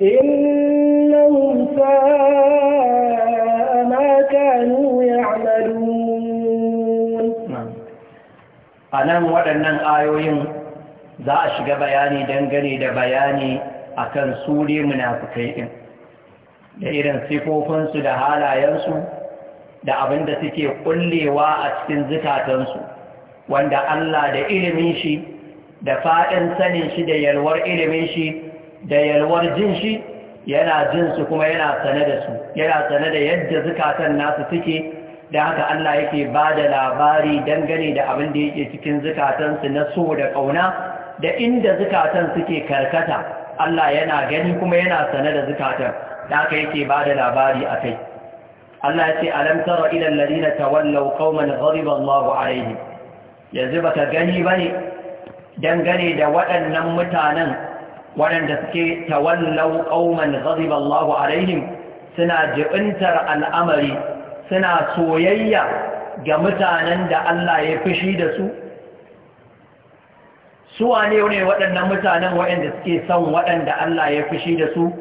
إنهم ساء ما كانوا يعملون أنا مودنا آيوين za a shiga bayani dangane da bayani a kan suri munafukai ɗin, da irin sifofinsu da halayensu da abin da suke ƙullewa a cikin zikatansu wanda Allah da ilimin shi da faɗin sanin shi da yalwar ilimin shi da yalwar jin shi yana jin su kuma yana sane da su yana sane da yadda zukatan nasu suke da haka Allah yake ba da labari dangane da abin da yake cikin zukatansu na so da ƙauna da inda zukatan suke karkata Allah yana gani kuma yana sane da zukatan da haka yake ba da labari a kai Allah ya ce alam tara ila alladhina tawallaw qauman a Allahu alaihim yanzu ba ka gani ba ne dangane da waɗannan mutanen waɗanda suke tawallau qauman ghadiba Allahu alaihim suna ji'intar al'amari suna soyayya ga mutanen da Allah ya fushi da su suwa ne ne waɗannan mutanen waɗanda suke son waɗanda Allah ya fushi da su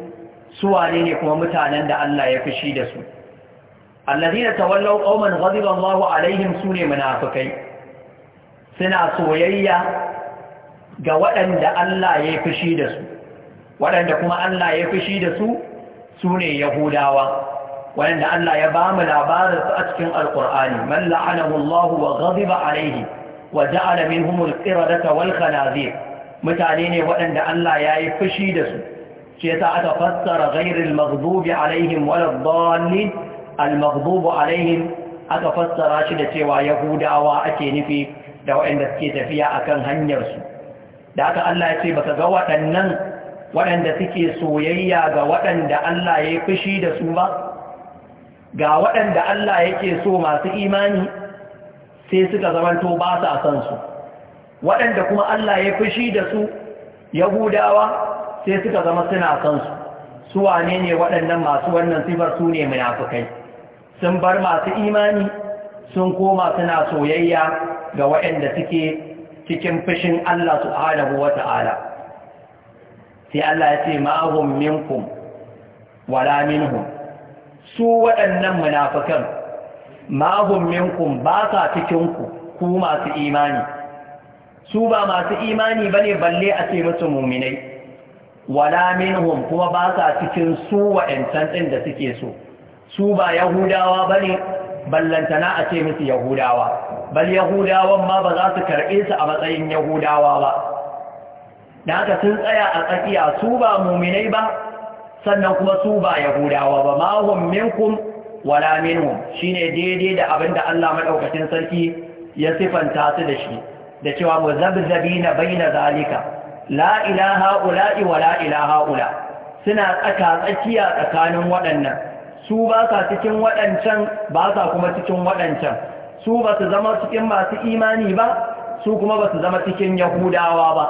suwa ne ne kuma mutanen da Allah ya fushi da su alladhina tawallaw qauman ghadiba Allahu alaihim sune munafikai suna soyayya ga waɗanda Allah ya fushi da su waɗanda kuma Allah ya fushi da su su ne yahudawa waɗanda Allah ya ba mu labarin su a cikin alƙur'ani man la'anahu Allah wa ghadiba alaihi wa ja'ala minhum al-qiradata wal khanazir mutane ne waɗanda Allah ya yi fushi da su shi yasa aka fassara ghairil maghdubi alaihim wal dallin al maghdubu alaihim aka fassara shi da cewa yahudawa ake nufi da waɗanda suke tafiya a kan hanyarsu da aka Allah ya ce baka ga waɗannan waɗanda suke soyayya ga waɗanda Allah ya yi fushi da su ba ga waɗanda Allah yake so masu imani sai suka zamanto ba su a sansu waɗanda kuma Allah ya fushi da su yahudawa sai suka zama suna sansu su su wane ne waɗannan masu wannan sifar su ne munafukai sun bar masu imani sun koma suna soyayya ga waɗanda suke cikin fushin Allah subhanahu wa ta'ala sai Allah ya ce ma'ahun minkum wala minhum su waɗannan munafikan ma'ahun minkum ba sa cikin ku ku masu imani su ba masu imani ba ne balle a ce musu mu'minai wala minhum kuma ba sa cikin su waɗancan ɗin da suke so su ba yahudawa ne ballantana a ce musu yahudawa bal yahudawan ma ba za su karɓe su a matsayin yahudawa ba da haka sun tsaya a tsakiya su ba muminai ba sannan kuma su ba yahudawa ba ma hum minkum wala minhum shine daidai da abin da Allah madaukakin sarki ya sifanta su da shi da cewa na baina zalika la ilaha ula'i wala ilaha suna tsaka tsakiya tsakanin waɗannan su ba sa cikin waɗancan ba sa kuma cikin waɗancan su ba su zama cikin masu imani ba su kuma ba su zama cikin yahudawa ba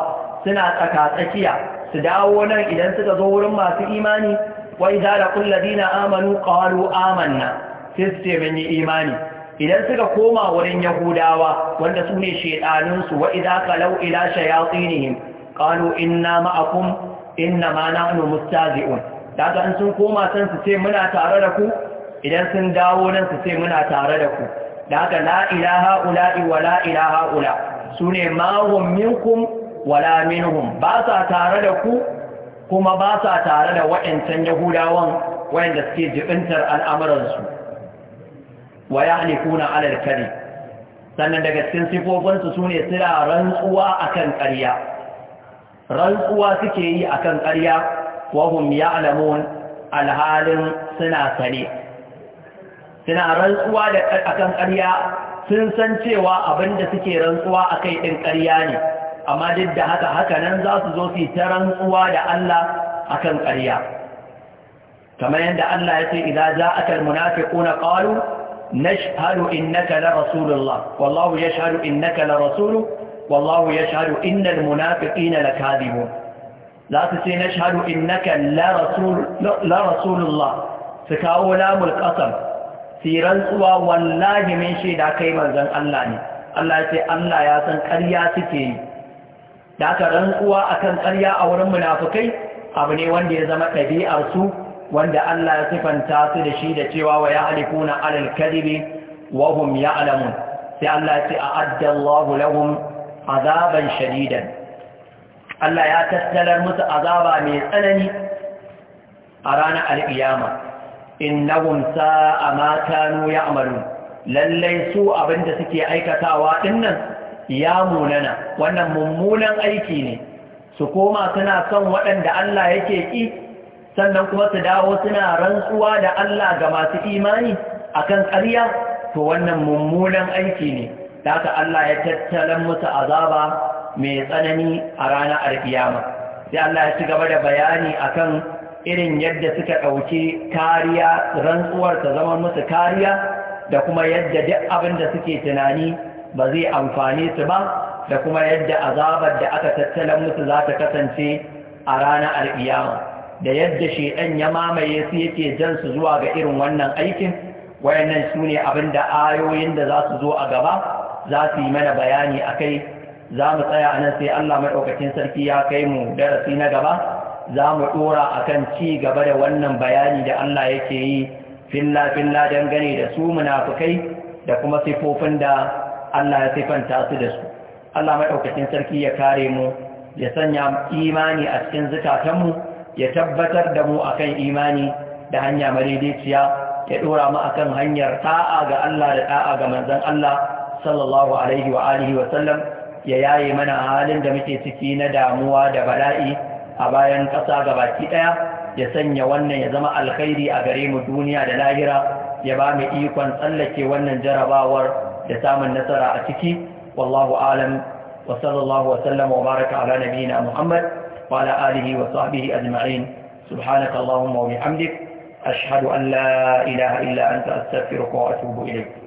suna tsakatsakiya su dawo nan idan suka zo wurin masu imani wai za da kulladina amanu qalu amanna sai su ce mun yi imani idan suka koma wurin yahudawa wanda su ne shaidaninsu su wa ka lau ila shayatinihim qalu inna ma'akum inna ma mustazi'un daga sun koma san su ce muna tare da ku idan sun dawo nan su ce muna tare da ku da haka la ilaha ula'i wa la ilaha ula sune ma hum minkum wala minhum ba sa tare da ku kuma ba sa tare da waɗancan yahudawan wayanda suke jibintar al'amuransu wa ya halifuna alal kari sannan daga cikin sifofinsu su ne suna rantsuwa akan ƙarya rantsuwa suke yi akan ƙarya wahum ya'lamun alhalin suna sane suna rantsuwa da akan ƙarya sun san cewa abin da suke rantsuwa a kai ɗin ƙarya ne amma duk da haka hakanan nan za su zo su yi ta rantsuwa da Allah kan ƙarya kamar yadda Allah ya ce idza ja'aka na shahadu in innaka la rasulullah wallahu in innaka la rasuluh wallahu yashhadu innal munafiqina lakadibun لا تسي نشهد إنك لا رسول, لا رسول الله فكاو لام القسم siran tsuwa wallahi min shaida kai manzon Allah ne Allah ce Allah ya san ƙarya suke yi da aka rantsuwa akan ƙarya a wurin munafukai. abu ne wanda ya zama ɗabi'ar su wanda Allah ya sifanta su da shi da cewa wa ya'rifuna alal kadhibi wa hum ya'lamun sai Allah ya ce a'adda Allahu lahum azaban shadidan Allah ya tattalar musu azaba mai tsanani a ranar al'iyama Inna sa'a ma kanu ya'malu lallai su abinda suke aikatawa dinnan ya munana wannan mummunan aiki ne su koma suna son waɗanda Allah yake ki sannan kuma su dawo suna rantsuwa da Allah ga masu imani akan ƙarya to wannan mummunan aiki ne haka Allah ya tattalan musu azaba mai tsanani a ranar alkiyama sai Allah ya ci gaba da bayani akan irin yadda suka ɗauki kariya rantsuwar ta zama musu kariya da kuma yadda duk abin da suke tunani ba zai amfane su ba da kuma yadda azabar da aka tattala musu za ta kasance a rana al'iyama da yadda shaidan ya mamaye su yake jan su zuwa ga irin wannan aikin wayannan su ne abin da ayoyin da za su zo a gaba za su yi mana bayani a kai za mu tsaya a nan sai allah maɗaukacin sarki ya kai mu darasi na gaba za mu ɗora a kan ci gaba da wannan bayani da Allah yake yi filla-filla dangane da su munafukai da kuma sifofin da Allah ya sifanta su da su. Allah maɗaukacin sarki ya kare mu, ya sanya imani a cikin zukatanmu, ya tabbatar da mu a kan imani da hanya madaidaiciya, ya ɗora mu a kan hanyar ta'a ga Allah da ta'a ga manzan Allah, sallallahu Alaihi wa Alihi ya yaye mana halin da muke ciki na damuwa da bala'i. a bayan ƙasa gabaki ɗaya ya sanya wannan ya zama alkhairi a gare mu duniya da lahira ya ba mu ikon tsallake wannan jarabawar da samun nasara a ciki wallahu alam wa sallallahu wa sallam wa baraka ala nabiyina muhammad wa ala alihi wa sahbihi ajma'in subhanaka allahumma wa bihamdik ashhadu an la ilaha illa anta astaghfiruka wa atubu ilayk